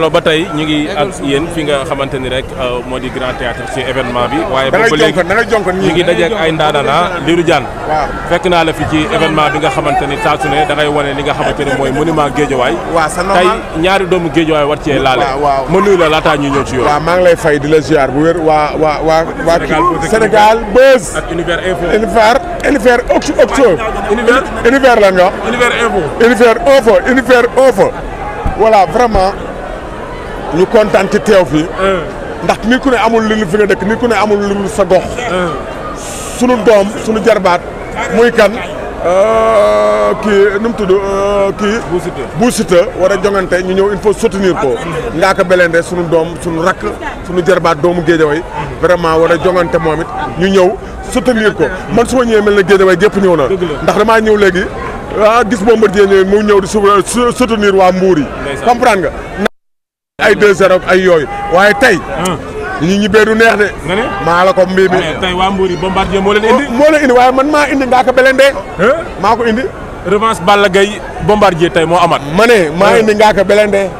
alors ba tey ñu ngi ak yéen fi nga xamante ni rek euh, moo di grand théâtre ci événement bi. waaye boobu ba léegi ñu ngi dajeeg ay ndaanana ah, Lirou Diane. waaw fekk naa la fi ci événement bi nga xamante ni saa su ne da ngay wane li nga xamante mooy monument géejawaay. waaw sa normal ñaari doomu géejawaay war ma la laataa ñuy ñëw ci yoon. waaw maa ngi lay fay di la ziar bu wér waa waa waa. waa Sénégal Buzz ak Univers Info Univers Univers Octo. Univers lan nga wax. Univers Info. Univers Info ñu kontaan ci teew fii. Eh. ndax nit ku ne amul lu fi nga dëkk nit ku ne amul lu sa gox. Eh. sunu doom sunu jarbaat muy kan. Eh. kii nu mu tudd kii. Bou Siteu war a jongante ñu ñëw il faut soutenir ko. Ngaaka Blindé sunu doom sunu rakk sunu jarbaat doomu Géejawaay. Mm-hmm. vraiment war a jongante moom ñu ñëw soutenir ko mm-hmm. man su ma ñëwee mel na Géejawaay gépp ñëw na. ndax damaa ñëw léegi ah gis Bombardier ñëw mu ñëw di soutenir waa Mbuur yi. comprendre nga. ay 2-0 ay yooyu waaye tey. Ah. ñi ñibbee du neex de. nga ne maa la ko mbii bi tey waa Mbour yi Bombardier moo leen indi. moo indi waaye man maa indi Ngaaka Blindé. maa ko indi. revanche Balla Gaye Bombardier tey moo amaat. ma ne maa indi Ngaaka Blindé.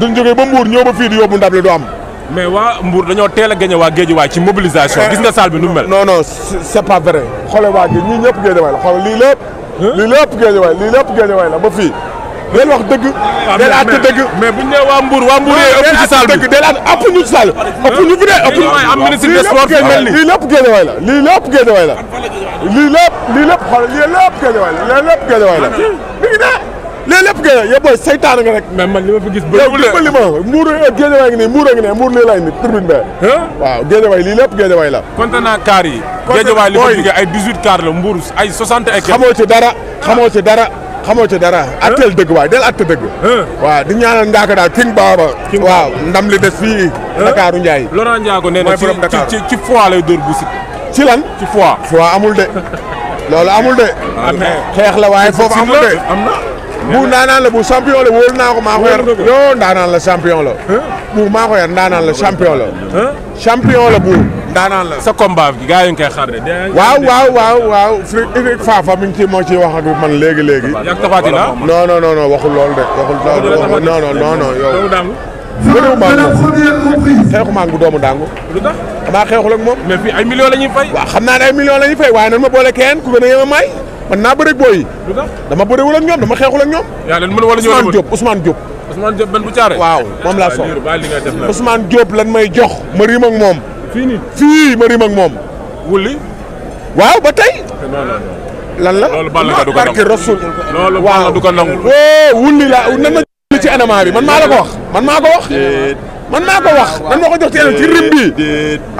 duñ jógee ba Mbour ñëw ba fii di yóbbu ndab li du am. mais waa Mbour dañoo teel a gañe waa géej waay ci mobilisation. Eh. gis nga salle bi nu mu mel. non non c'est pas vrai. xoolal waa géej ñii ñëpp géej waay la xoolal lii lépp. lii waay la ba fii. del wax dëgg. del ah, àtte dëgg. mais buñ nee waa Mbour waa Mbour yee ëpp ci saal bi del àtte dëgg ëpp ñu ci saal bi ah, ëpp ñu fi de ëpp ñu. am ministre des sports fi mel ni lii lépp génne waay la lii lépp génne waay la. lii lépp lii lépp xool lii lépp génne waay la lii lépp génne waay la. Ah, mi ngi ne lii lépp génne yow booy saytaan nga rek. mais man li ma fi gis bëriwul de yow li ma li ma Mbour génne waay ngi nii Mbour a ngi ne Mbour lii lay nit tribune bi. waaw génne waay lii lépp génne waay la. compte naa kaar yi. compte mooy géej waay li ma jógee ay 18 kaar la Mbour ay 60 et quelques. xamoo ci dara xamoo ci dara xamoo ci dara. atteel dëgg waay del atte dëgg. waaw di ñaanal Ndaka daal King Baba. waaw ndam li des fii. Ndakaaru Ndiaye. Laurent Ndiago nee na ci ci ci foie lay dóor bu si. ci lan ci amul de. loolu amul de. xeex la waaye foofu amul de. bu ndaanaan la bu champion la wóolu naa ko maa ko yar yoo ndaanaan la champion la. bu maa ko yar ndaanaan la champion la. champion la bu. daanaan la sa combat bi gars yi nga koy xaar de. waaw waaw waaw waaw fii Eric Fafa mi moo ciy wax ak man léegi léegi. yaa ngi tafaati la non non non waxul loolu de. waxul loolu non non non non yow. bëriwul maa doomu dàngu. lu tax damaa xeexul ak moom. mais fii la ñuy fay. waaw naa ne ay millions la ñuy fay waaye nan ma boole kenn ku gën a a may. man naa bëri booy yi. lu dama bëriwul ak ñoom dama xeexul ak ñoom. yaa leen mën wala ñoo Ousmane Diop Ousmane Diop. Ousmane Diop waaw moom laa soxla Ousmane Diop lan may jox ma riim moom fii ma rim ak moom. wulli waaw ba tey. lan la loolu du ko nangu barke Rasul loolu Balla wulli la nan ma ci anama bi man maa la ko wax. man maa ko wax. man maa ko wax nan ma ko jox ci yeneen ci rim bi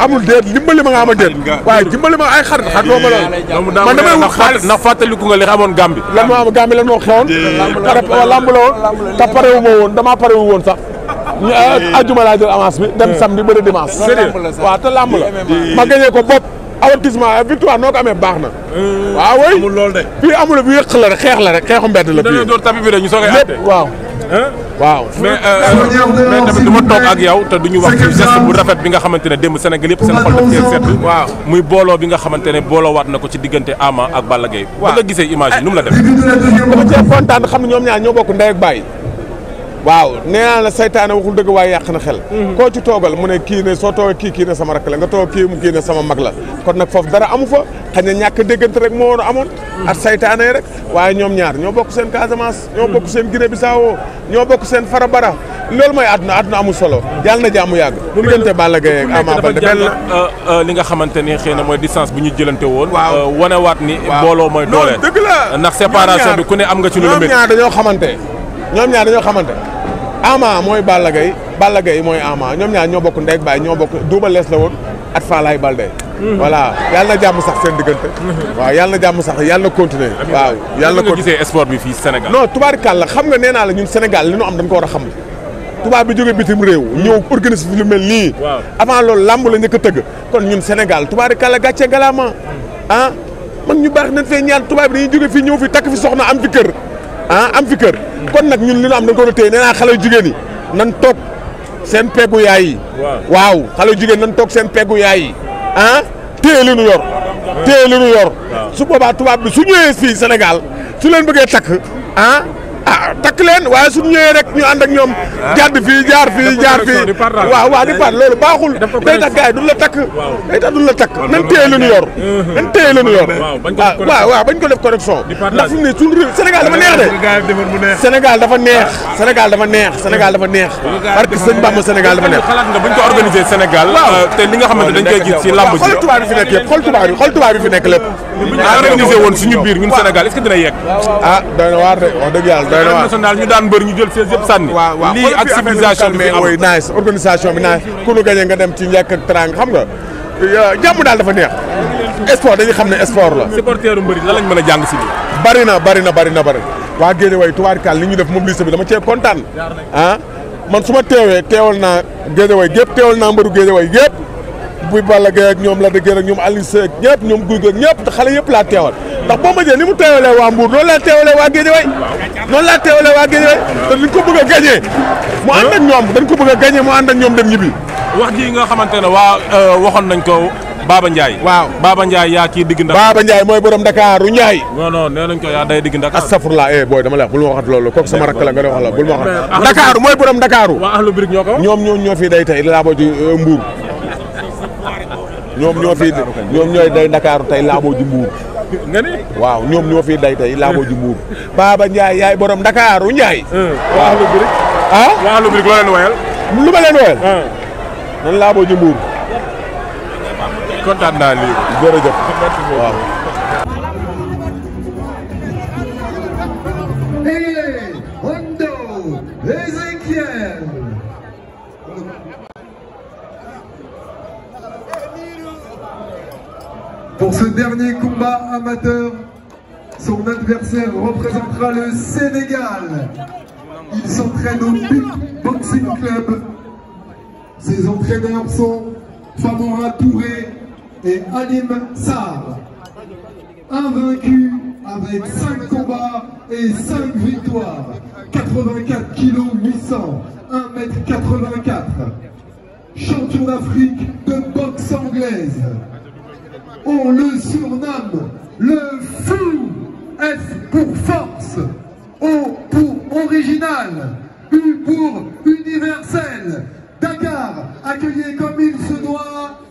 amul déet a ma nga ama déet waaye dimbali ma ay xarit xarit boo ma la man damay wut xaalis ndax fàttaliku nga li xamoon gambi lan moo am gambi lan moo xewoon lamb la woon te parewu ma woon damaa parewu woon sax ñu ah, ajjuma laa jël avance bi dem samedi bëri dimanche. sérieux waaw te làmb la ma gagné ko bopp avertissement victoire noo ko amee baax na. Euh, waaw oui amul loolu de. fii amul bi yëq la rek xeex la rek xeexu mbedd la. fii dañoo door tapis bi rek ñu soog a waaw. waaw mais euh, euh, mais tamit du toog ak yow te duñu wax ci geste bu rafet bi nga xamante ne démb Sénégal yëpp seen xol daf cee sedd. waaw muy booloo bi nga xamante ne booloo waat na ko ci diggante Ama ak Balla Gaye. waaw gisee image nu mu la def. dama cee xam ne ñoom ñaar ñoo bokk ndey ak waaw nee naa la saytaane waxul dëgg waaye yàq na xel mhm. koo ci toogal mu ne kii ne soo toogee kii kii ne sama rakk la nga toog kii mu kii ne sama mag la kon nag foofu dara amu fa xëy na ñàkk déggante rek moo war a amoon mhm. ak rek waaye ñoom ñaar ñoo bokk seen Casamance ñoo bokk mhm. seen Guinée Bissau ñoo bokk seen Farabara loolu mooy àdduna adduna amul solo yàlla na jàmm yàgg diggante Balla Gaye ak Ama la euh, euh, li nga xamante ni xëy na mooy distance bu ñu jëlante woon euh, wanewaat ni booloo mooy doole dëgg la ndax séparation bi ku ne am nga ci lu ñoom ñaar dañoo xamante ñoom ñaar xamante Ama mooy Balla Gaye Balla Gaye mooy Ama ñoom ñaar ñoo bokk ndey ak baay ñoo bokk Double Less la woon ak Falaye Baldé mhm. voilà yàlla na jàmm sax seen diggante mhm. waaw yàlla na jàmm sax yàlla na continuer waaw yàlla na ko gisee sport bi fii Sénégal non tubaarkàlla xam nga nee naa la ñun Sénégal li ñu am dañ ko war a xam tubaab bi jógee bitim réew ñëw organise fi lu mel nii avant loolu làmb la njëkk a tëgg kon ñun Sénégal tubaarkàlla gàcce ngalaama ah man ñu baax nañ fee ñaar tubaab bi dañuy jóge fii ñëw fi takk fi soxna am fi kër ah am fi kër kon nag ñun li ñu am dañ ko doon téye nee naa xale jigéen nan toog seen peggu yaay yi. waaw xale jigéen nan toog seen peggu yaay yi ah téye ñu yor. téye li ñu yor. su boobaa tubaab bi su ñëwee fii senegal su leen bëggee takk ah. ah takk leen waaye suñu ñëwee rek ñu ànd ak ñoom ah. jàdd fii jaar fii jaar fii waaw waaw di par loolu baaxul day la takk day tax duñ la takk nan téye la ñu yor nan téye la yor waaw waaw ah, bañ ko def correction ndax fi mu ne suñu réew Sénégal dafa neex de Sénégal dafa neex Sénégal dafa neex Sénégal dafa neex parce que sëñ Bamba Sénégal dafa neex xalaat nga buñ ko organiser Sénégal euh, te dañ koy gis ci lamb ji xool tubaab yi fi nekk yëpp xool tubaab yi xool tubaab yi fi nekk biir ñun Sénégal est-ce international ñu daan mbër ñu jël seen yëpp sànni. waaw lii ak civilisation bi fi am nice organisation bi nga dem ci njëkk ak teraanga xam nga jàmm daal dafa neex. sport dañuy xam ne sport la. supporteru mbëri la lañ mën a jàng si biir. bari na bari na bari na bari waa Géeja way tubaarkaal li ñu def mobilisé bi dama cee kontaan ah, man su ma teewee teewal naa Géeja way gépp teewal naa mbëru Géeja way gépp bu Balla Gaye ak ñoom Lac de Guiers ak ñoom Alioune Seye ak ñëpp ñoom Gouye Gui ak ñëpp laa teewal ndax Bombardier ni mu teewalee waa Mbour noonu laa teewalee waa Guédiawaye noonu laa teewalee waa Guédiawaye te dañ ko bëgg a gagné mu ànd ñoom dañ ko bëgg a mu ànd ak ñoom dem ñibbi wax ji nga xamante ne waa euh, waxoon nañ ko Baba Ndiaye waaw Baba yaa kii digg Ndakaaru Baba Ndiaye mooy borom Ndakaaru Ndiaye nañ ko yaa day digg Ndakaaru astafurlaa eh booy dama la bul ma waxat loolu kooku sama rakk la nga wax la bul ma waxat Ndakaaru ah, mooy borom Ndakaaru waa ahlu birik ñoo ko ñoom ñoo ñoo fii day tey ñoom ñoo fi ñoom ñooy day ndakaaru tey laaboo ji waaw ñoom ñoo fi day tey laaboo ji mbuur Baba Ndiaye yaay borom Dakaru Ndiaye waa Lubrique loo leen woyal lu ma leen woyal eh. nan laaboo ji mbuur kontaan naa lii jërëjëf waaw premier combat amateur. Son adversaire représentera le Sénégal. Il s'entraîne au Big Boxing Club. Ses entraîneurs sont Famora Touré et Alim Sarr. Invaincu avec 5 combats et 5 victoires. Champion d'Afrique de boxe anglaise. le surnomme le fou. S pour force. O pour original. U pour universel. Dakar, accueilli comme il se doit.